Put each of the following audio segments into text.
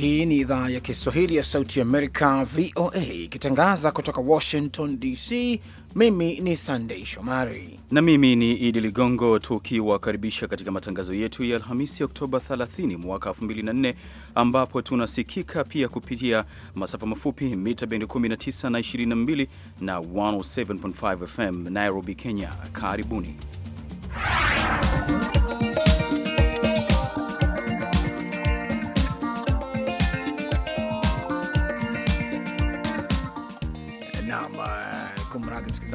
Hii ni idhaa ya Kiswahili ya Sauti Amerika, VOA, ikitangaza kutoka Washington DC. Mimi ni Sandei Shomari na mimi ni Idi Ligongo, tukiwakaribisha katika matangazo yetu ya Alhamisi, Oktoba 30 mwaka 2004, ambapo tunasikika pia kupitia masafa mafupi mita bendi 19 na 22 na 107.5 FM Nairobi, Kenya. Karibuni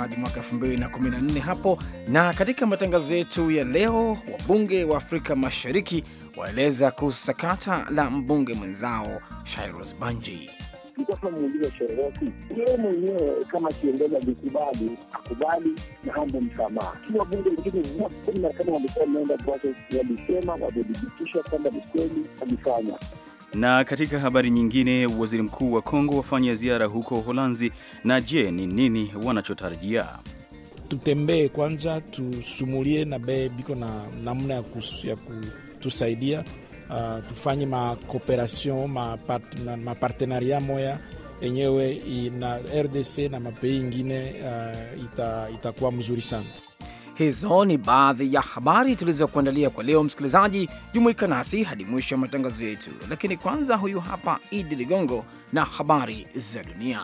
msikilizaji, mwaka 2014 hapo. Na katika matangazo yetu ya leo, wabunge wa Afrika Mashariki waeleza kuhusu sakata la mbunge mwenzao Shairos Banji. yeye mwenyewe kama vikubali akubali na msamaha. Kiwa bunge kumi na tano walikuwa wameenda, walisema wamedhibitisha kwamba ni kweli na katika habari nyingine, waziri mkuu wa Kongo wafanya ziara huko Holanzi. Na je, ni nini wanachotarajia? Tutembee kwanza, tusumulie na bee biko na namna ya, ya kutusaidia uh, tufanye makooperation mapartenaria ma moya enyewe na RDC na mapei ingine uh, itakuwa ita mzuri sana. Hizo ni baadhi ya habari tulizokuandalia kwa leo. Msikilizaji, jumuika nasi hadi mwisho ya matangazo yetu, lakini kwanza, huyu hapa Idi Ligongo na habari za dunia.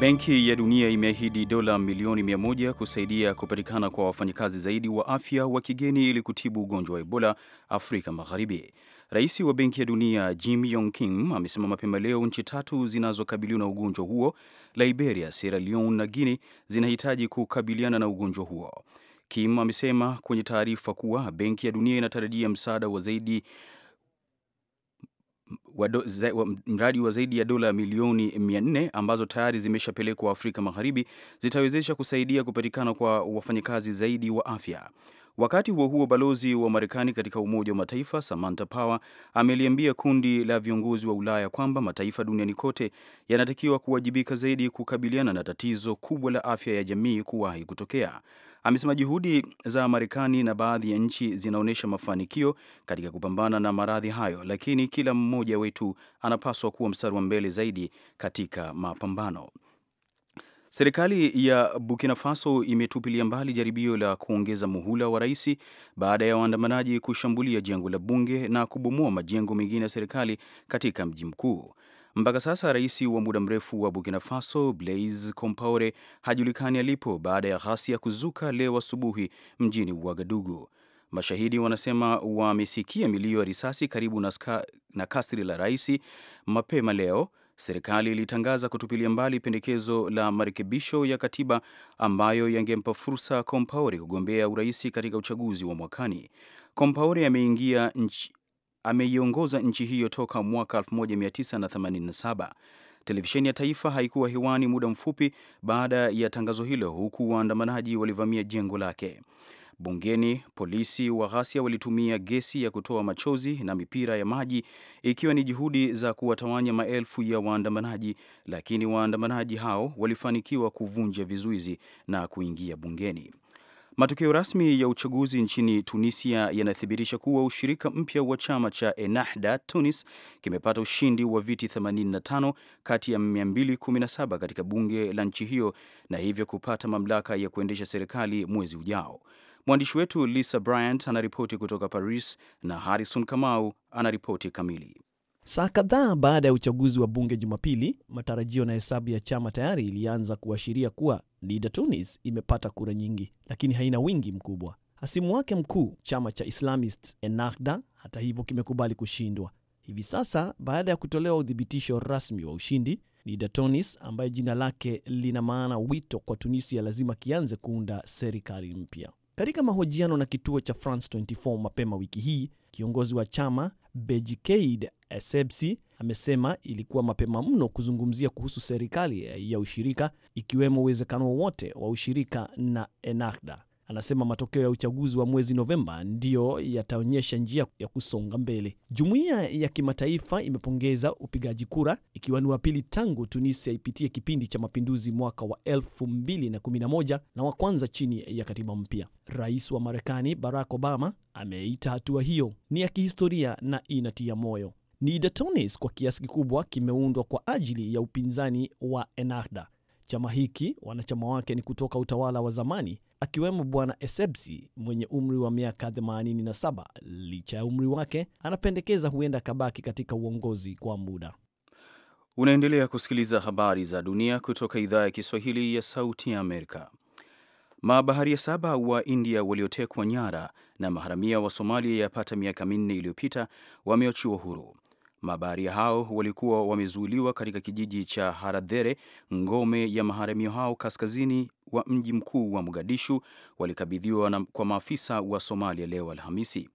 Benki ya Dunia imeahidi dola milioni mia moja kusaidia kupatikana kwa wafanyakazi zaidi wa afya wa kigeni ili kutibu ugonjwa wa Ebola Afrika Magharibi. Rais wa Benki ya Dunia Jim Yong Kim amesema mapema leo nchi tatu zinazokabiliwa na ugonjwa huo, Liberia, Sierra Leone na Guinea, zinahitaji kukabiliana na ugonjwa huo. Kim amesema kwenye taarifa kuwa Benki ya Dunia inatarajia msaada wa zaidi mradi wa zaidi ya dola milioni 400 ambazo tayari zimeshapelekwa Afrika Magharibi zitawezesha kusaidia kupatikana kwa wafanyakazi zaidi wa afya. Wakati huo huo, balozi wa Marekani katika Umoja wa Mataifa Samantha Power ameliambia kundi la viongozi wa Ulaya kwamba mataifa duniani kote yanatakiwa kuwajibika zaidi kukabiliana na tatizo kubwa la afya ya jamii kuwahi kutokea. Amesema juhudi za Marekani na baadhi ya nchi zinaonyesha mafanikio katika kupambana na maradhi hayo, lakini kila mmoja wetu anapaswa kuwa mstari wa mbele zaidi katika mapambano. Serikali ya Burkina Faso imetupilia mbali jaribio la kuongeza muhula wa rais baada ya waandamanaji kushambulia jengo la bunge na kubomoa majengo mengine ya serikali katika mji mkuu. Mpaka sasa rais wa muda mrefu wa Burkina Faso Blaise Compaore hajulikani alipo baada ya ghasia kuzuka leo asubuhi mjini Ouagadougou. Mashahidi wanasema wamesikia milio ya risasi karibu na kasri la rais mapema leo serikali ilitangaza kutupilia mbali pendekezo la marekebisho ya katiba ambayo yangempa fursa Compaore kugombea urais katika uchaguzi wa mwakani. Compaore ameingia nchi ameiongoza nchi hiyo toka mwaka 1987. Televisheni ya taifa haikuwa hewani muda mfupi baada ya tangazo hilo, huku waandamanaji walivamia jengo lake. Bungeni, polisi wa ghasia walitumia gesi ya kutoa machozi na mipira ya maji ikiwa ni juhudi za kuwatawanya maelfu ya waandamanaji, lakini waandamanaji hao walifanikiwa kuvunja vizuizi na kuingia bungeni. Matokeo rasmi ya uchaguzi nchini Tunisia yanathibitisha kuwa ushirika mpya wa chama cha Ennahda Tunis kimepata ushindi wa viti 85 kati ya 217 katika bunge la nchi hiyo na hivyo kupata mamlaka ya kuendesha serikali mwezi ujao. Mwandishi wetu Lisa Bryant anaripoti kutoka Paris na Harrison Kamau anaripoti kamili. Saa kadhaa baada ya uchaguzi wa bunge Jumapili, matarajio na hesabu ya chama tayari ilianza kuashiria kuwa Nida Tunis imepata kura nyingi, lakini haina wingi mkubwa. Hasimu wake mkuu, chama cha Islamist Ennahda, hata hivyo kimekubali kushindwa. Hivi sasa baada ya kutolewa uthibitisho rasmi wa ushindi, Nida Tunis ambaye jina lake lina maana wito kwa Tunisia lazima kianze kuunda serikali mpya. Katika mahojiano na kituo cha France 24 mapema wiki hii, kiongozi wa chama Bejikeid Essebsi amesema ilikuwa mapema mno kuzungumzia kuhusu serikali ya ushirika, ikiwemo uwezekano wowote wa ushirika na enagda Anasema matokeo ya uchaguzi wa mwezi Novemba ndiyo yataonyesha njia ya kusonga mbele. Jumuiya ya kimataifa imepongeza upigaji kura, ikiwa ni wa pili tangu Tunisia ipitie kipindi cha mapinduzi mwaka wa 2011 na wa kwanza chini ya katiba mpya. Rais wa Marekani Barack Obama ameita hatua hiyo ni ya kihistoria na inatia moyo. ni Nidatoonis kwa kiasi kikubwa kimeundwa kwa ajili ya upinzani wa Ennahda. Chama hiki wanachama wake ni kutoka utawala wa zamani akiwemo Bwana esebsi mwenye umri wa miaka 87. Licha ya umri wake, anapendekeza huenda kabaki katika uongozi kwa muda. Unaendelea kusikiliza habari za dunia kutoka idhaa ya Kiswahili ya Sauti ya Amerika. Mabaharia saba wa India waliotekwa nyara na maharamia wa Somalia yapata miaka minne iliyopita wameachiwa huru. Mabaharia hao walikuwa wamezuiliwa katika kijiji cha Haradhere, ngome ya maharamio hao kaskazini wa mji mkuu wa Mogadishu. Walikabidhiwa kwa maafisa wa Somalia leo Alhamisi.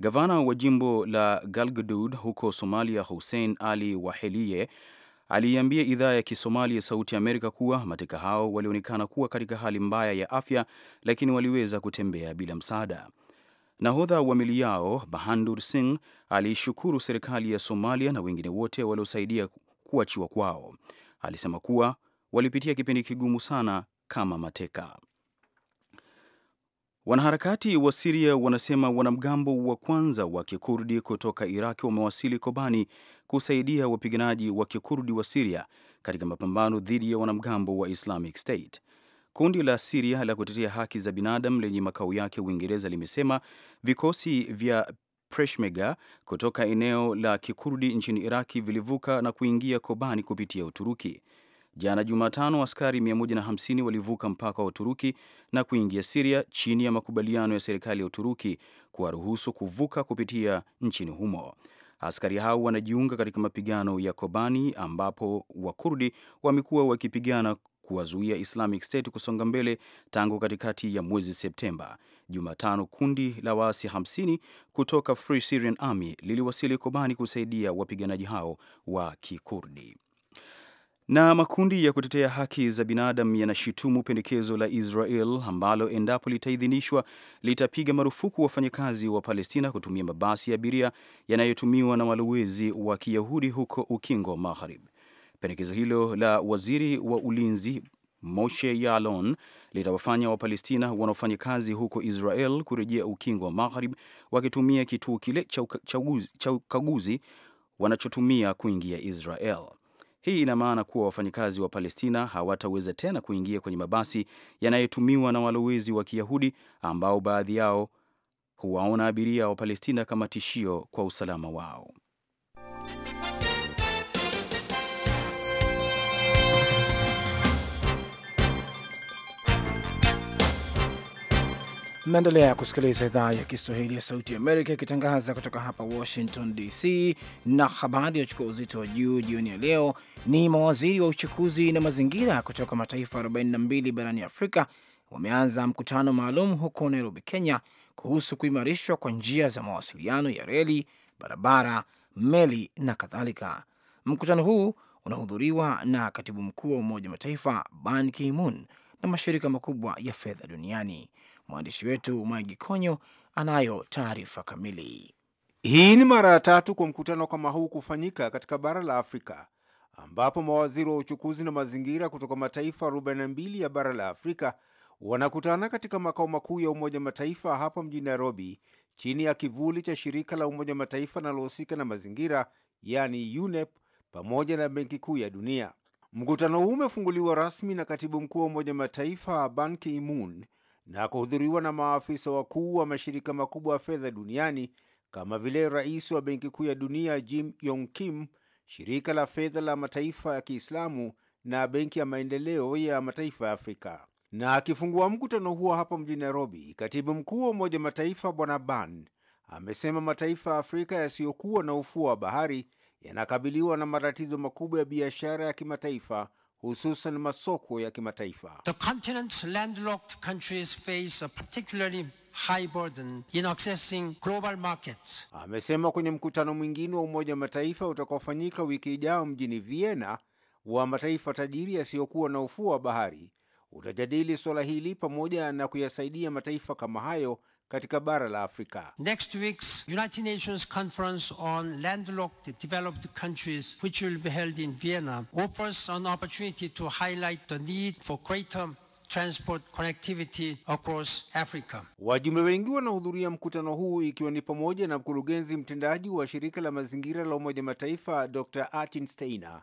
Gavana wa jimbo la galgdud huko Somalia, Hussein Ali Waheliye aliiambia idhaa ya Kisomali ya Sauti Amerika kuwa mateka hao walionekana kuwa katika hali mbaya ya afya, lakini waliweza kutembea bila msaada. Nahodha wa meli yao Bahandur Singh aliishukuru serikali ya Somalia na wengine wote waliosaidia kuachiwa kwao. Alisema kuwa walipitia kipindi kigumu sana kama mateka. Wanaharakati wa Siria wanasema wanamgambo wa kwanza wa kikurdi kutoka Iraq wamewasili Kobani kusaidia wapiganaji wa kikurdi wa Siria katika mapambano dhidi ya wanamgambo wa Islamic State. Kundi la Siria la kutetea haki za binadamu lenye makao yake Uingereza limesema vikosi vya Peshmerga kutoka eneo la Kikurdi nchini Iraki vilivuka na kuingia Kobani kupitia Uturuki. Jana Jumatano, askari 150 walivuka mpaka wa Uturuki na kuingia Siria chini ya makubaliano ya serikali ya Uturuki kuwaruhusu kuvuka kupitia nchini humo. Askari hao wanajiunga katika mapigano ya Kobani ambapo Wakurdi wamekuwa wakipigana kuwazuia Islamic State kusonga mbele tangu katikati ya mwezi Septemba. Jumatano, kundi la waasi 50 kutoka Free Syrian Army liliwasili Kobani kusaidia wapiganaji hao wa Kikurdi. Na makundi ya kutetea haki za binadamu yanashutumu pendekezo la Israel ambalo endapo litaidhinishwa litapiga marufuku wafanyakazi wa Palestina kutumia mabasi ya abiria yanayotumiwa na walowezi wa Kiyahudi huko Ukingo Magharibi. Pendekezo hilo la waziri wa ulinzi Moshe yalon litawafanya Wapalestina wanaofanya kazi huko Israel kurejea ukingo wa Magharibi wakitumia kituo kile cha ukaguzi wanachotumia kuingia Israel. Hii ina maana kuwa wafanyakazi wa Palestina hawataweza tena kuingia kwenye mabasi yanayotumiwa na walowezi wa Kiyahudi ambao baadhi yao huwaona abiria wa Palestina kama tishio kwa usalama wao. naendelea kusikiliza idhaa ya Kiswahili ya Sauti Amerika ikitangaza kutoka hapa Washington DC. Na habari ya uchukua uzito wa juu jioni ya leo ni mawaziri wa uchukuzi na mazingira kutoka mataifa 42 barani Afrika wameanza mkutano maalum huko Nairobi, Kenya, kuhusu kuimarishwa kwa njia za mawasiliano ya reli, barabara, meli na kadhalika. Mkutano huu unahudhuriwa na katibu mkuu wa Umoja wa Mataifa Ban Ki-moon na mashirika makubwa ya fedha duniani. Mwandishi wetu Mwangi Konyo anayo taarifa kamili. Hii ni mara ya tatu kwa mkutano kama huu kufanyika katika bara la Afrika ambapo mawaziri wa uchukuzi na mazingira kutoka mataifa 42 ya bara la Afrika wanakutana katika makao makuu ya Umoja Mataifa hapa mjini Nairobi, chini ya kivuli cha shirika la Umoja Mataifa linalohusika na mazingira, yani UNEP, pamoja na Benki Kuu ya Dunia. Mkutano huu umefunguliwa rasmi na katibu mkuu wa Umoja Mataifa Ban Ki-moon na kuhudhuriwa na maafisa wakuu wa mashirika makubwa ya fedha duniani kama vile rais wa Benki Kuu ya Dunia Jim Yong Kim, shirika la fedha la mataifa ya Kiislamu na Benki ya Maendeleo ya Mataifa ya Afrika. Na akifungua mkutano huo hapa mjini Nairobi, katibu mkuu wa Umoja Mataifa Bwana Ban amesema mataifa ya Afrika yasiyokuwa na ufuo wa bahari yanakabiliwa na matatizo makubwa ya biashara ya kimataifa hususan masoko ya kimataifa. The continent landlocked countries face a particularly high burden in accessing global markets. Amesema kwenye mkutano mwingine wa Umoja wa Mataifa utakaofanyika wiki ijayo mjini Vienna wa mataifa tajiri yasiyokuwa na ufuo wa bahari utajadili suala hili pamoja na kuyasaidia mataifa kama hayo katika bara la Afrika. Next week's United Nations Conference on Landlocked Developed Countries which will be held in Vienna offers an opportunity to highlight the need for greater transport connectivity across Africa. Wajumbe wengi wanahudhuria mkutano huu ikiwa ni pamoja na mkurugenzi mtendaji wa shirika la mazingira la Umoja Mataifa Dr. Artin Steiner.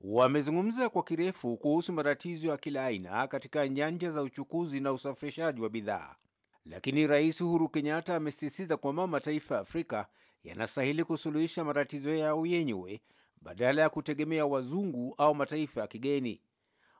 Wamezungumza kwa kirefu kuhusu matatizo ya kila aina katika nyanja za uchukuzi na usafirishaji wa bidhaa. Lakini Rais Uhuru Kenyatta amesisitiza kwamba mataifa ya Afrika yanastahili kusuluhisha matatizo yao yenyewe badala ya kutegemea wazungu au mataifa ya kigeni.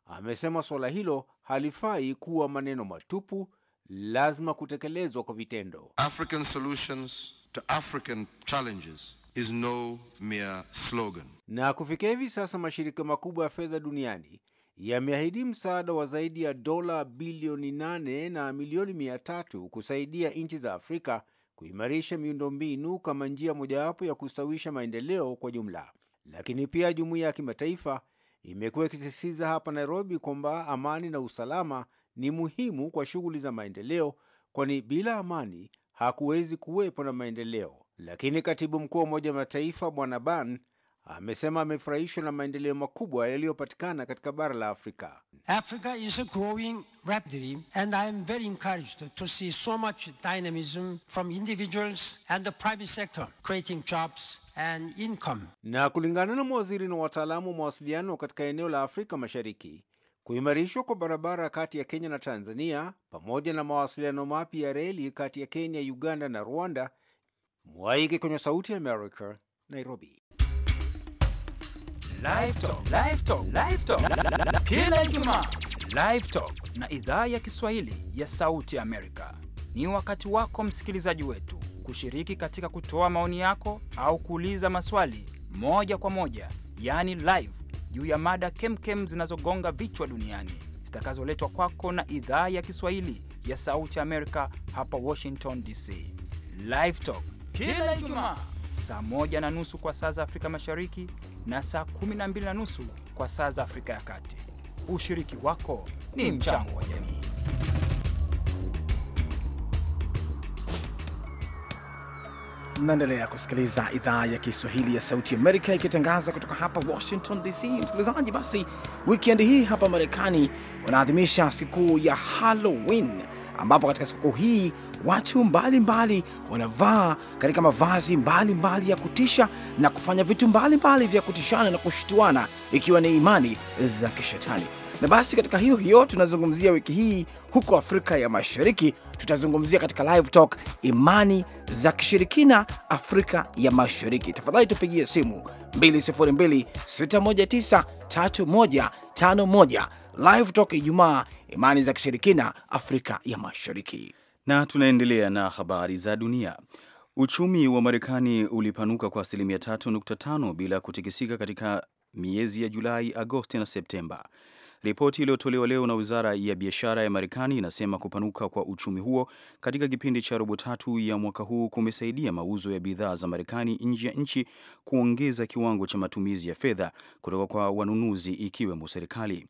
Amesema suala hilo halifai kuwa maneno matupu, lazima kutekelezwa kwa vitendo. African solutions to African challenges is no mere slogan. Na kufikia hivi sasa mashirika makubwa ya fedha duniani yameahidi msaada wa zaidi ya dola bilioni 8 na milioni 300 kusaidia nchi za Afrika kuimarisha miundombinu kama njia mojawapo ya kustawisha maendeleo kwa jumla. Lakini pia jumuiya ya kimataifa imekuwa ikisisitiza hapa Nairobi kwamba amani na usalama ni muhimu kwa shughuli za maendeleo, kwani bila amani hakuwezi kuwepo na maendeleo. Lakini katibu mkuu wa Umoja wa Mataifa Bwana Ban amesema amefurahishwa na maendeleo makubwa yaliyopatikana katika bara la Afrika. Africa is growing rapidly and I am very encouraged to see so much dynamism from individuals and the private sector creating jobs and income. Na kulingana na mawaziri na wataalamu wa mawasiliano katika eneo la Afrika Mashariki, kuimarishwa kwa barabara kati ya Kenya na Tanzania pamoja na mawasiliano mapya ya reli kati ya Kenya, Uganda na Rwanda. Mwaike kwenye Sauti ya America, Nairobi kila na idhaa ya Kiswahili ya Sauti Amerika. Ni wakati wako msikilizaji wetu kushiriki katika kutoa maoni yako au kuuliza maswali moja kwa moja, yaani live, juu ya mada kemkem zinazogonga vichwa duniani zitakazoletwa kwako na idhaa ya Kiswahili ya Sauti Amerika hapa Washington DC. livetok kila Ijumaa saa moja na nusu kwa saa za Afrika Mashariki na saa 12 na nusu kwa saa za Afrika ya Kati. Ushiriki wako ni mchango wa jamii. Mnaendelea kusikiliza idhaa ya Kiswahili ya Sauti Amerika ikitangaza kutoka hapa Washington DC. Msikilizaji, basi wikendi hii hapa Marekani wanaadhimisha sikukuu ya Halloween ambapo katika sikukuu hii watu mbalimbali wanavaa katika mavazi mbalimbali mbali ya kutisha na kufanya vitu mbalimbali mbali vya kutishana na kushtuana, ikiwa ni imani za kishetani. Na basi katika hiyo hiyo tunazungumzia wiki hii huko Afrika ya Mashariki, tutazungumzia katika live talk imani za kishirikina Afrika ya Mashariki. Tafadhali tupigie simu 2026193151 Live Talk Ijumaa, imani za kishirikina Afrika ya Mashariki. Na tunaendelea na habari za dunia. Uchumi wa Marekani ulipanuka kwa asilimia 3.5 bila kutikisika katika miezi ya Julai, Agosti na Septemba. Ripoti iliyotolewa leo na wizara ya biashara ya Marekani inasema kupanuka kwa uchumi huo katika kipindi cha robo tatu ya mwaka huu kumesaidia mauzo ya bidhaa za Marekani nje ya nchi kuongeza kiwango cha matumizi ya fedha kutoka kwa wanunuzi, ikiwemo serikali.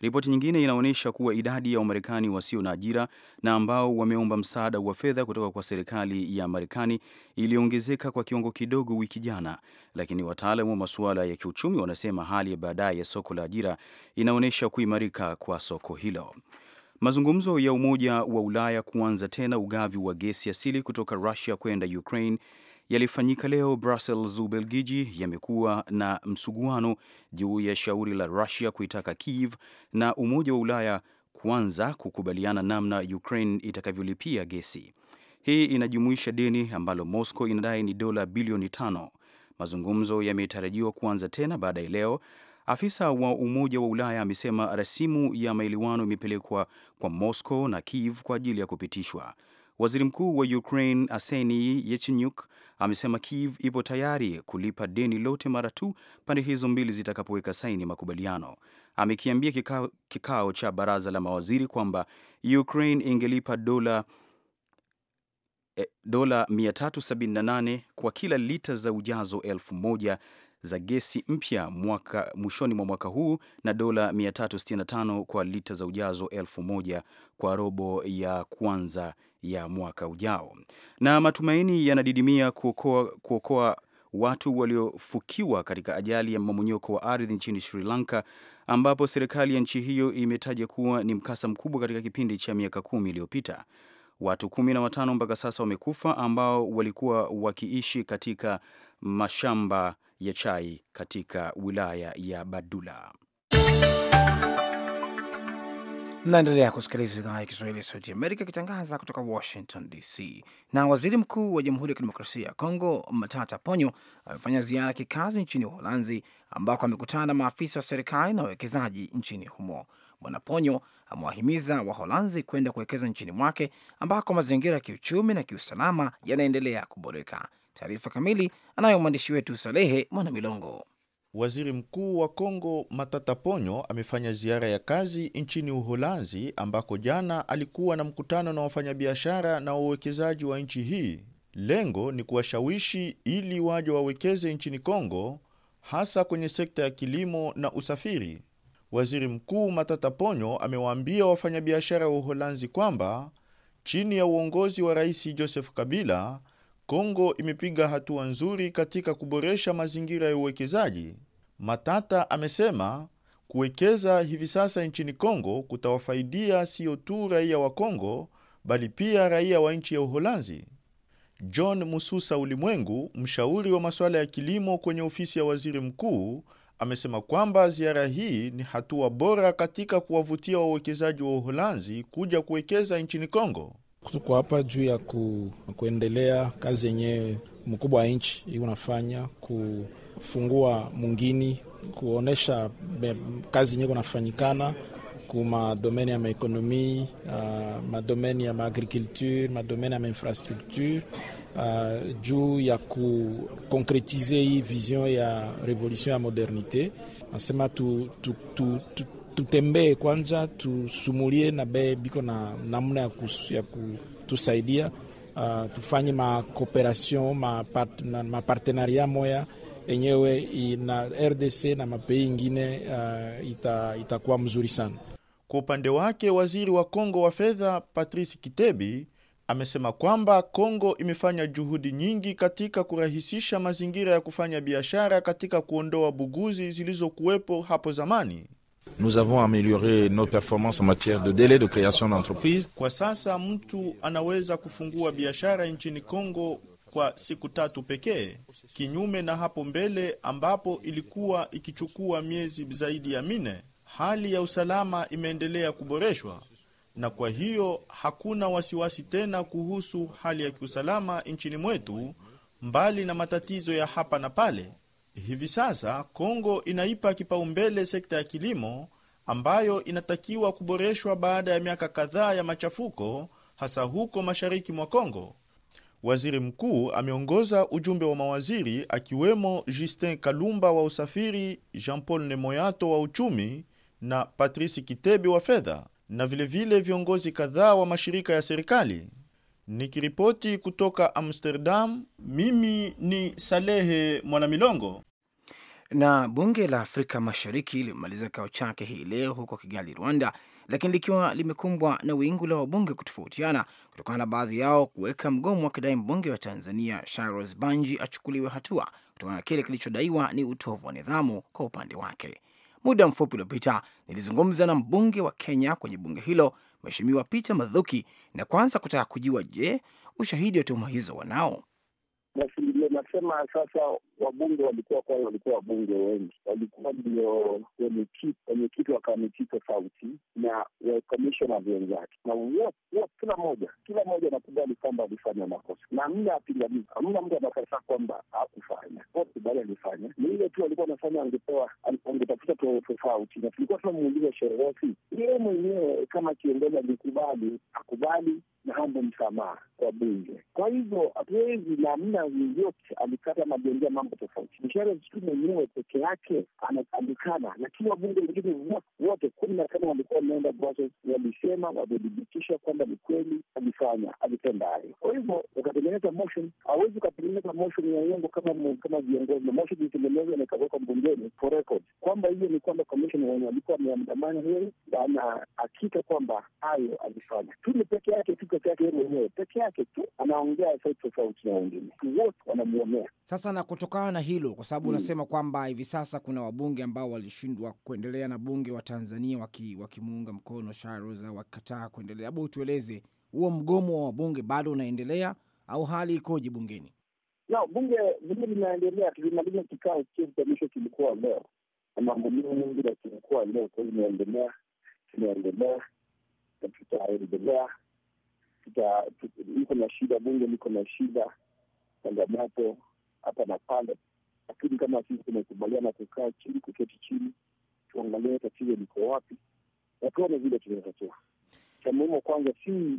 Ripoti nyingine inaonyesha kuwa idadi ya Wamarekani wasio na ajira na ambao wameomba msaada wa fedha kutoka kwa serikali ya Marekani iliongezeka kwa kiwango kidogo wiki jana, lakini wataalamu wa masuala ya kiuchumi wanasema hali ya baadaye ya soko la ajira inaonyesha kuimarika kwa soko hilo. Mazungumzo ya Umoja wa Ulaya kuanza tena ugavi wa gesi asili kutoka Russia kwenda Ukraine yalifanyika leo Brussels, Ubelgiji, yamekuwa na msuguano juu ya shauri la Rusia kuitaka Kiev na Umoja wa Ulaya kuanza kukubaliana namna Ukraine itakavyolipia gesi. Hii inajumuisha deni ambalo Moscow inadai ni dola bilioni tano. Mazungumzo yametarajiwa kuanza tena baada ya leo. Afisa wa Umoja wa Ulaya amesema rasimu ya maelewano imepelekwa kwa Moscow na Kiev kwa ajili ya kupitishwa. Waziri Mkuu wa Ukraine Arseniy Yatsenyuk amesema Kiev ipo tayari kulipa deni lote mara tu pande hizo mbili zitakapoweka saini makubaliano. Amekiambia kikao, kikao cha baraza la mawaziri kwamba Ukraine ingelipa dola eh, dola 378 kwa kila lita za ujazo elfu moja za gesi mpya mwaka mwishoni mwa mwaka huu na dola 365 kwa lita za ujazo elfu moja kwa robo ya kwanza ya mwaka ujao, na matumaini yanadidimia kuokoa, kuokoa watu waliofukiwa katika ajali ya mmomonyoko wa ardhi nchini Sri Lanka ambapo serikali ya nchi hiyo imetaja kuwa ni mkasa mkubwa katika kipindi cha miaka kumi iliyopita. Watu kumi na watano mpaka sasa wamekufa ambao walikuwa wakiishi katika mashamba ya chai katika wilaya ya Badula naendelea kusikiliza idhaa ya Kiswahili ya Sauti Amerika ikitangaza kutoka Washington DC. Na waziri mkuu wa Jamhuri ya Kidemokrasia ya Kongo, Matata Ponyo, amefanya ziara ya kikazi nchini Uholanzi, ambako amekutana na maafisa wa serikali na wawekezaji nchini humo. Bwana Ponyo amewahimiza Waholanzi kwenda kuwekeza nchini mwake, ambako mazingira ya kiuchumi na kiusalama yanaendelea kuboreka. Taarifa kamili anayo mwandishi wetu Salehe Mwanamilongo. Waziri Mkuu wa Kongo Matata Ponyo amefanya ziara ya kazi nchini Uholanzi ambako jana alikuwa na mkutano na wafanyabiashara na wawekezaji wa nchi hii. Lengo ni kuwashawishi ili waje wawekeze nchini Kongo hasa kwenye sekta ya kilimo na usafiri. Waziri Mkuu Matata Ponyo amewaambia wafanyabiashara wa Uholanzi kwamba chini ya uongozi wa Rais Joseph Kabila, Kongo imepiga hatua nzuri katika kuboresha mazingira ya uwekezaji. Matata amesema kuwekeza hivi sasa nchini Kongo kutawafaidia sio tu raia wa Kongo bali pia raia wa nchi ya Uholanzi. John Mususa Ulimwengu, mshauri wa masuala ya kilimo kwenye ofisi ya waziri mkuu, amesema kwamba ziara hii ni hatua bora katika kuwavutia wawekezaji wa Uholanzi kuja kuwekeza nchini Kongo. Tuko hapa juu ya ku, kuendelea kazi yenyewe mkubwa wa nchi unafanya ku kufungua mungini kuonesha kazi nyiko nafanyikana ku madomeni ya maekonomi uh, madomeni ya maagriculture madomeni ya mainfrastructure uh, juu ya kukonkretize hii vision ya revolution ya modernite. Nasema tutembee tu, tu, tu, tu kwanja tusumulie na be biko na namna ya, ya kutusaidia uh, tufanye makooperation mapartenaria moya enyewe ina RDC na mapei ingine uh, ita, itakuwa mzuri sana. Kwa upande wake waziri wa Kongo wa fedha Patrice Kitebi amesema kwamba Kongo imefanya juhudi nyingi katika kurahisisha mazingira ya kufanya biashara katika kuondoa buguzi zilizokuwepo hapo zamani. Nous avons amélioré nos performances en matière de délai de création d'entreprise. Kwa sasa mtu anaweza kufungua biashara nchini Kongo kwa siku tatu pekee, kinyume na hapo mbele ambapo ilikuwa ikichukua miezi zaidi ya mine. Hali ya usalama imeendelea kuboreshwa na kwa hiyo hakuna wasiwasi tena kuhusu hali ya kiusalama nchini mwetu, mbali na matatizo ya hapa na pale. Hivi sasa Kongo inaipa kipaumbele sekta ya kilimo ambayo inatakiwa kuboreshwa baada ya miaka kadhaa ya machafuko, hasa huko mashariki mwa Kongo. Waziri mkuu ameongoza ujumbe wa mawaziri akiwemo Justin Kalumba wa usafiri, Jean-Paul Nemoyato wa uchumi na patrisi Kitebi wa fedha na vilevile vile viongozi kadhaa wa mashirika ya serikali. Nikiripoti kutoka Amsterdam, mimi ni Salehe Mwanamilongo. Na bunge la Afrika Mashariki limemaliza kikao chake hii leo huko Kigali, Rwanda lakini likiwa limekumbwa na wingu la wabunge kutofautiana kutokana na baadhi yao kuweka mgomo wakidai mbunge wa Tanzania Cyrus Banji achukuliwe hatua kutokana na kile kilichodaiwa ni utovu wa nidhamu kwa upande wake. Muda mfupi uliopita nilizungumza na mbunge wa Kenya kwenye bunge hilo, Mheshimiwa Peter madhuki na kwanza kutaka kujua, je, ushahidi wa tuhuma hizo wanao? nasema sasa, wabunge walikuwa kwani, walikuwa wabunge wengi, walikuwa ndio wenyekiti wa kamiti tofauti na wakomishona wenzake, na kila moja kila moja anakubali kwamba alifanya makosa, na hamna apingamizi, hamna mtu anakataa kwamba hakufanya kote, bali alifanya. Ni ile tu alikuwa anafanya, angepewa angetafuta tofauti, na tulikuwa tunamuuliza Shererosi yeye mwenyewe kama kiongozi alikubali akubali na hambo msamaha kwa bunge. Kwa hivyo hatuwezi na hamna yoyote alikata na aliongea mambo tofauti. Mshare mwenyewe peke yake anajulikana, lakini wabunge wengine wote kumi na tano walikuwa wameenda walisema wamedhibitisha kwamba ni kweli alifanya alitenda hayo. Kwa hivyo ukatengeneza motion, hawezi ukatengeneza motion ya uongo kama kama viongozi. Motion ilitengenezwa na ikawekwa bungeni for record kwamba hiyo ni kwamba commission wenye walikuwa wameandamana yeye ana hakika kwamba hayo alifanya tu, ni peke yake tu, peke yake mwenyewe peke yake tu anaongea tofauti na wengine wote wanam kugombea. Sasa na kutokana na hilo, kwa sababu hmm. unasema mm, kwamba hivi sasa kuna wabunge ambao walishindwa kuendelea na bunge wa Tanzania wakimuunga waki mkono Sharoza wakikataa kuendelea, hebu utueleze huo mgomo wa wabunge bado unaendelea au hali ikoje bungeni? No, bunge bunge linaendelea. Tulimaliza kikao chetu cha mwisho, kilikuwa leo na mambo mengi, na kilikuwa leo kwa hiyo inaendelea, tunaendelea na tutaendelea. Iko na shida, bunge liko na shida changamoto hapa na pale, lakini kama sisi tumekubaliana kukaa chini, kuketi chini, tuangalie tatizo liko wapi na tuone vile tunatatua. Cha muhimu kwanza, si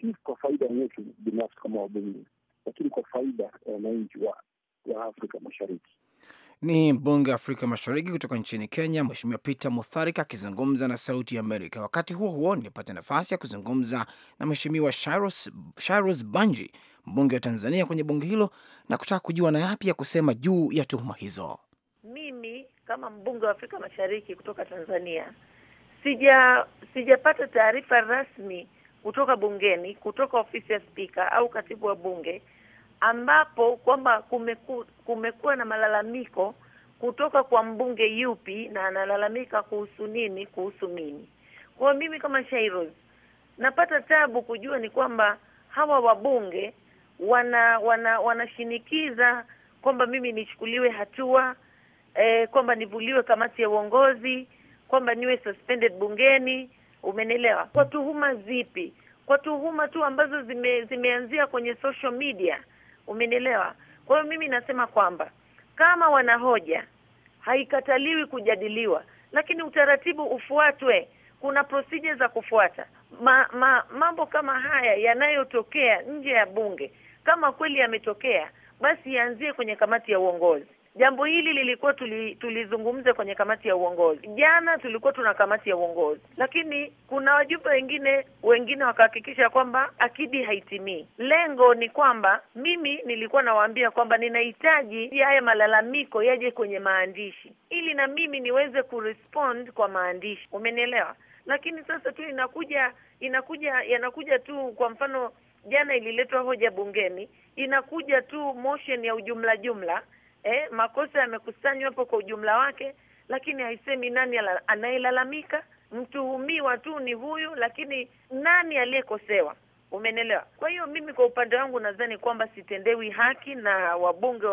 si kwa faida yetu binafsi kama wabunge, lakini kwa faida ya wananchi wa Afrika Mashariki. Ni mbunge wa Afrika Mashariki kutoka nchini Kenya, Mheshimiwa Peter Mutharika akizungumza na Sauti ya Amerika. Wakati huo huo, nilipata nafasi ya kuzungumza na Mheshimiwa Shairos, Shairos Banji, mbunge wa Tanzania kwenye bunge hilo, na kutaka kujua na yapi ya kusema juu ya tuhuma hizo. Mimi kama mbunge wa Afrika Mashariki kutoka Tanzania sija sijapata taarifa rasmi kutoka bungeni, kutoka ofisi ya spika au katibu wa bunge ambapo kwamba kumeku, kumekuwa na malalamiko kutoka kwa mbunge yupi na analalamika kuhusu nini? Kuhusu mimi. Kwa mimi kama Shairoz napata tabu kujua ni kwamba hawa wabunge wana wana wanashinikiza kwamba mimi nichukuliwe hatua eh, kwamba nivuliwe kamati ya uongozi, kwamba niwe suspended bungeni. umenelewa Kwa tuhuma zipi? Kwa tuhuma tu ambazo zime, zimeanzia kwenye social media. Umenielewa? Kwa hiyo mimi nasema kwamba kama wanahoja haikataliwi kujadiliwa, lakini utaratibu ufuatwe. Kuna procedure za kufuata. Ma, ma, mambo kama haya yanayotokea nje ya bunge, kama kweli yametokea, basi yaanzie kwenye kamati ya uongozi. Jambo hili lilikuwa tulizungumza kwenye kamati ya uongozi jana, tulikuwa tuna kamati ya uongozi, lakini kuna wajumbe wengine wengine wakahakikisha kwamba akidi haitimii. Lengo ni kwamba mimi nilikuwa nawaambia kwamba ninahitaji haya malalamiko yaje kwenye maandishi, ili na mimi niweze kurespond kwa maandishi, umenielewa? Lakini sasa tu inakuja inakuja yanakuja tu, kwa mfano jana ililetwa hoja bungeni, inakuja tu motion ya ujumla jumla eh, makosa yamekusanywa hapo kwa ujumla wake, lakini haisemi nani anayelalamika. Mtuhumiwa tu ni huyu, lakini nani aliyekosewa? Umenelewa? Kwa hiyo mimi kwa upande wangu nadhani kwamba sitendewi haki na wabunge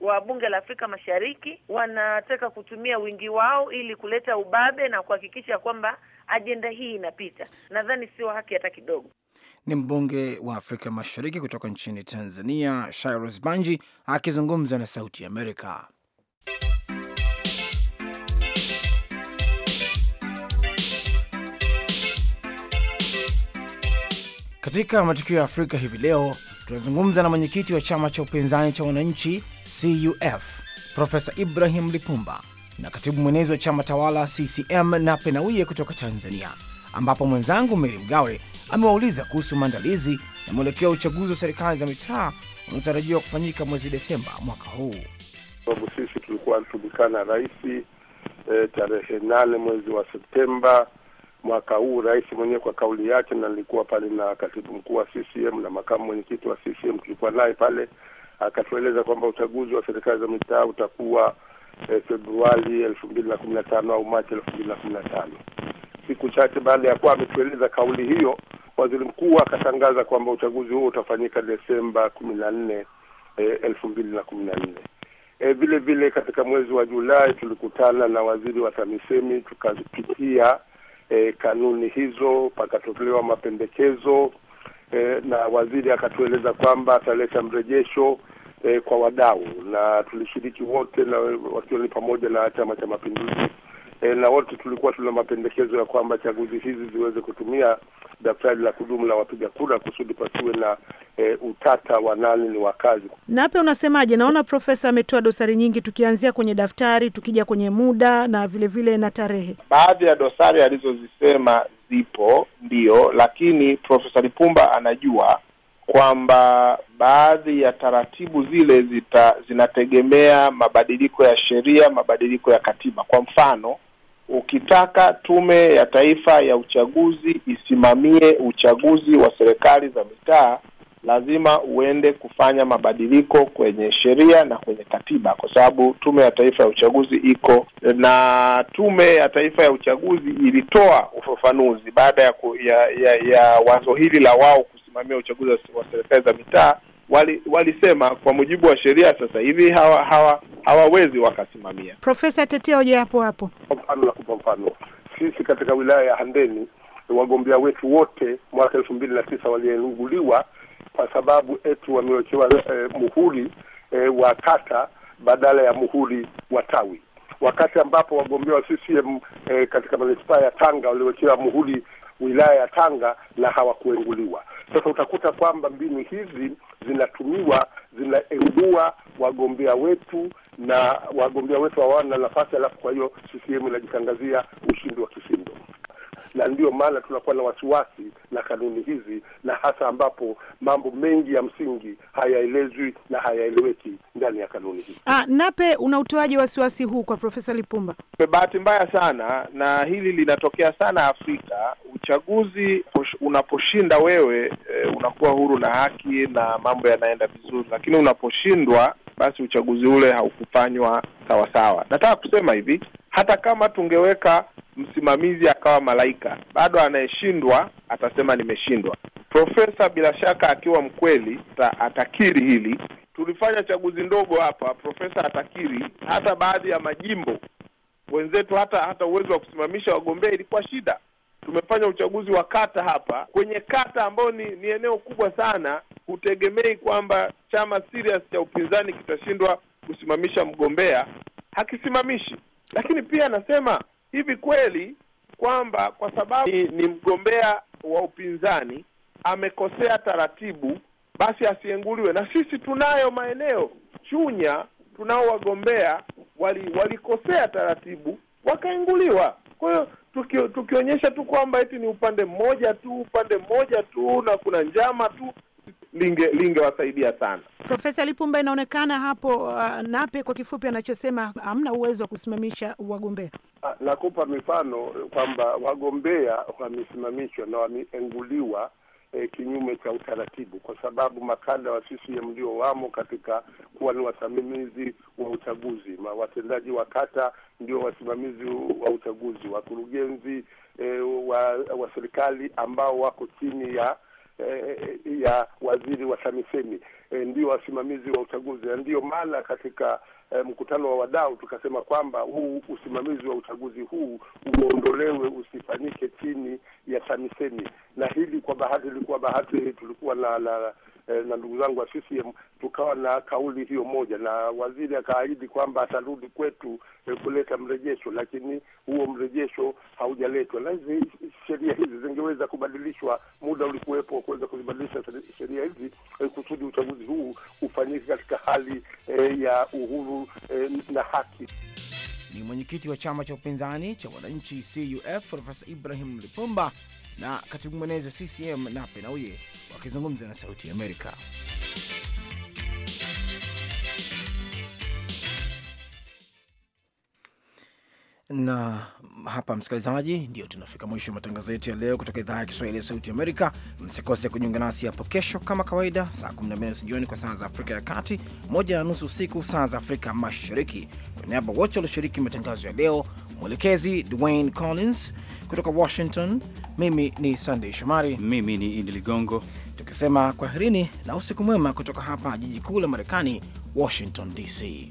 wa bunge la Afrika Mashariki wanataka kutumia wingi wao ili kuleta ubabe na kuhakikisha kwamba ajenda hii inapita, nadhani sio haki hata kidogo. Ni mbunge wa Afrika Mashariki kutoka nchini Tanzania, Shairos Banji akizungumza na Sauti Amerika. Katika matukio ya Afrika hivi leo tunazungumza na mwenyekiti wa chama cha upinzani cha wananchi CUF Profesa Ibrahim Lipumba na katibu mwenezi wa chama tawala CCM na Penauye kutoka Tanzania, ambapo mwenzangu Meri Mgawe amewauliza kuhusu maandalizi na mwelekeo wa uchaguzi wa serikali za mitaa unaotarajiwa kufanyika mwezi Desemba mwaka huu. Sababu sisi tulikuwa tumkana rais e, tarehe nane mwezi wa Septemba mwaka huu. Rais mwenyewe kwa kauli yake, na nilikuwa pale na katibu mkuu wa CCM na makamu mwenyekiti wa CCM tulikuwa naye pale, akatueleza kwamba uchaguzi wa serikali za mitaa utakuwa Februari elfu mbili na kumi na tano au Machi elfu mbili na kumi na tano. Siku chache baada ya kuwa ametueleza kauli hiyo, waziri mkuu akatangaza kwamba uchaguzi huo utafanyika Desemba kumi na nne eh, elfu mbili na kumi na nne. E, vile vile katika mwezi wa Julai tulikutana na waziri wa TAMISEMI tukazipitia e, eh, kanuni hizo, pakatolewa mapendekezo e, na waziri akatueleza kwamba ataleta mrejesho eh, kwa wadau na tulishiriki wote na wakiwa ni pamoja na Chama cha Mapinduzi eh, na wote tulikuwa tuna mapendekezo ya kwamba chaguzi hizi ziweze kutumia daftari la kudumu la wapiga kura kusudi pasiwe na e, utata wa nani ni wakazi. Na hapa unasemaje? Naona profesa ametoa dosari nyingi, tukianzia kwenye daftari, tukija kwenye muda na vile vile na tarehe. Baadhi ya dosari alizozisema zipo, ndiyo, lakini Profesa Lipumba anajua kwamba baadhi ya taratibu zile zita, zinategemea mabadiliko ya sheria, mabadiliko ya katiba. Kwa mfano, ukitaka Tume ya Taifa ya Uchaguzi isimamie uchaguzi wa serikali za mitaa, lazima uende kufanya mabadiliko kwenye sheria na kwenye katiba, kwa sababu Tume ya Taifa ya Uchaguzi iko na Tume ya Taifa ya Uchaguzi ilitoa ufafanuzi baada ya, ku, ya, ya, ya wazo hili la wao wanaosimamia uchaguzi wa serikali za mitaa wali- walisema kwa mujibu wa sheria sasa hivi hawa hawa hawawezi wakasimamia. Profesa Tetea hoja hapo hapo, kwa mfano na kupa mfano, sisi katika wilaya ya Handeni wagombea wetu wote mwaka elfu mbili na tisa walienguliwa kwa sababu etu wamewekewa eh, muhuri eh, wa kata badala ya muhuri wa tawi, wakati ambapo wagombea wa CCM eh, katika manispaa ya Tanga waliwekewa muhuri wilaya ya Tanga na hawakuenguliwa. Sasa utakuta kwamba mbinu hizi zinatumiwa, zinaengua wagombea wetu na wagombea wetu hawana nafasi, alafu kwa hiyo CCM inajitangazia ushindi wa kishindo na ndio maana tunakuwa na wasiwasi na kanuni hizi, na hasa ambapo mambo mengi ya msingi hayaelezwi na hayaeleweki ndani ya kanuni hizi. Ah, Nape, una utoaji wasiwasi huu kwa Profesa Lipumba? Bahati mbaya sana, na hili linatokea sana Afrika. Uchaguzi unaposhinda wewe eh, unakuwa huru na haki na mambo yanaenda vizuri, lakini unaposhindwa basi uchaguzi ule haukufanywa sawasawa. Nataka kusema hivi, hata kama tungeweka msimamizi akawa malaika, bado anayeshindwa atasema nimeshindwa. Profesa bila shaka akiwa mkweli ta, atakiri hili. Tulifanya chaguzi ndogo hapa, profesa atakiri hata baadhi ya majimbo wenzetu, hata hata uwezo wa kusimamisha wagombea ilikuwa shida. Tumefanya uchaguzi wa kata hapa kwenye kata ambayo ni, ni eneo kubwa sana. Hutegemei kwamba chama serious cha upinzani kitashindwa kusimamisha mgombea, hakisimamishi. Lakini pia anasema hivi kweli kwamba kwa sababu ni, ni mgombea wa upinzani amekosea taratibu, basi asienguliwe? Na sisi tunayo maeneo Chunya, tunao wagombea wali, walikosea taratibu wakaenguliwa. Kwa hiyo tuki, tukionyesha tu kwamba eti ni upande mmoja tu upande mmoja tu na kuna njama tu, linge lingewasaidia sana. Profesa Lipumba, inaonekana hapo uh, Nape kwa kifupi anachosema hamna uwezo wa kusimamisha wagombea. Ah, nakupa mifano kwamba wagombea wamesimamishwa na wameenguliwa E, eh, kinyume cha utaratibu kwa sababu makada wa CCM ndio wamo katika kuwa ni wasimamizi wa uchaguzi. Ma watendaji wa kata ndio wasimamizi wa uchaguzi, wakurugenzi e, wa, wa serikali ambao wako chini ya eh, ya waziri wa TAMISEMI eh, ndio wasimamizi wa uchaguzi. na Ndiyo maana katika eh, mkutano wa wadau tukasema kwamba huu usimamizi wa uchaguzi huu uondolewe, usifanyike chini ya TAMISEMI, na hili kwa bahati ilikuwa bahati, tulikuwa na, na Eh, na ndugu zangu wa CCM tukawa na kauli hiyo moja, na waziri akaahidi kwamba atarudi kwetu eh, kuleta mrejesho, lakini huo mrejesho haujaletwa. Na hizi sheria hizi zingeweza kubadilishwa, muda ulikuwepo wa kuweza kuzibadilisha sheria hizi eh, kusudi uchaguzi huu ufanyike katika hali eh, ya uhuru eh, na haki. Ni mwenyekiti wa chama cha upinzani cha wananchi CUF Profesa Ibrahim Lipumba na katibu mwenezi wa CCM Nape Nnauye wakizungumza na Sauti ya Amerika. Na hapa msikilizaji, ndio tunafika mwisho wa matangazo yetu ya leo kutoka idhaa ya Kiswahili ya Sauti Amerika. Msikose kujiunga nasi hapo kesho kama kawaida, saa 12 jioni kwa saa za Afrika ya Kati, moja na nusu usiku saa za Afrika Mashariki. Kwa niaba wote walioshiriki matangazo ya leo, mwelekezi Dwayne Collins kutoka Washington, mimi ni Sandey Shomari, mimi ni Idi Ligongo, tukisema kwaherini na usiku mwema kutoka hapa jiji kuu la Marekani, Washington DC.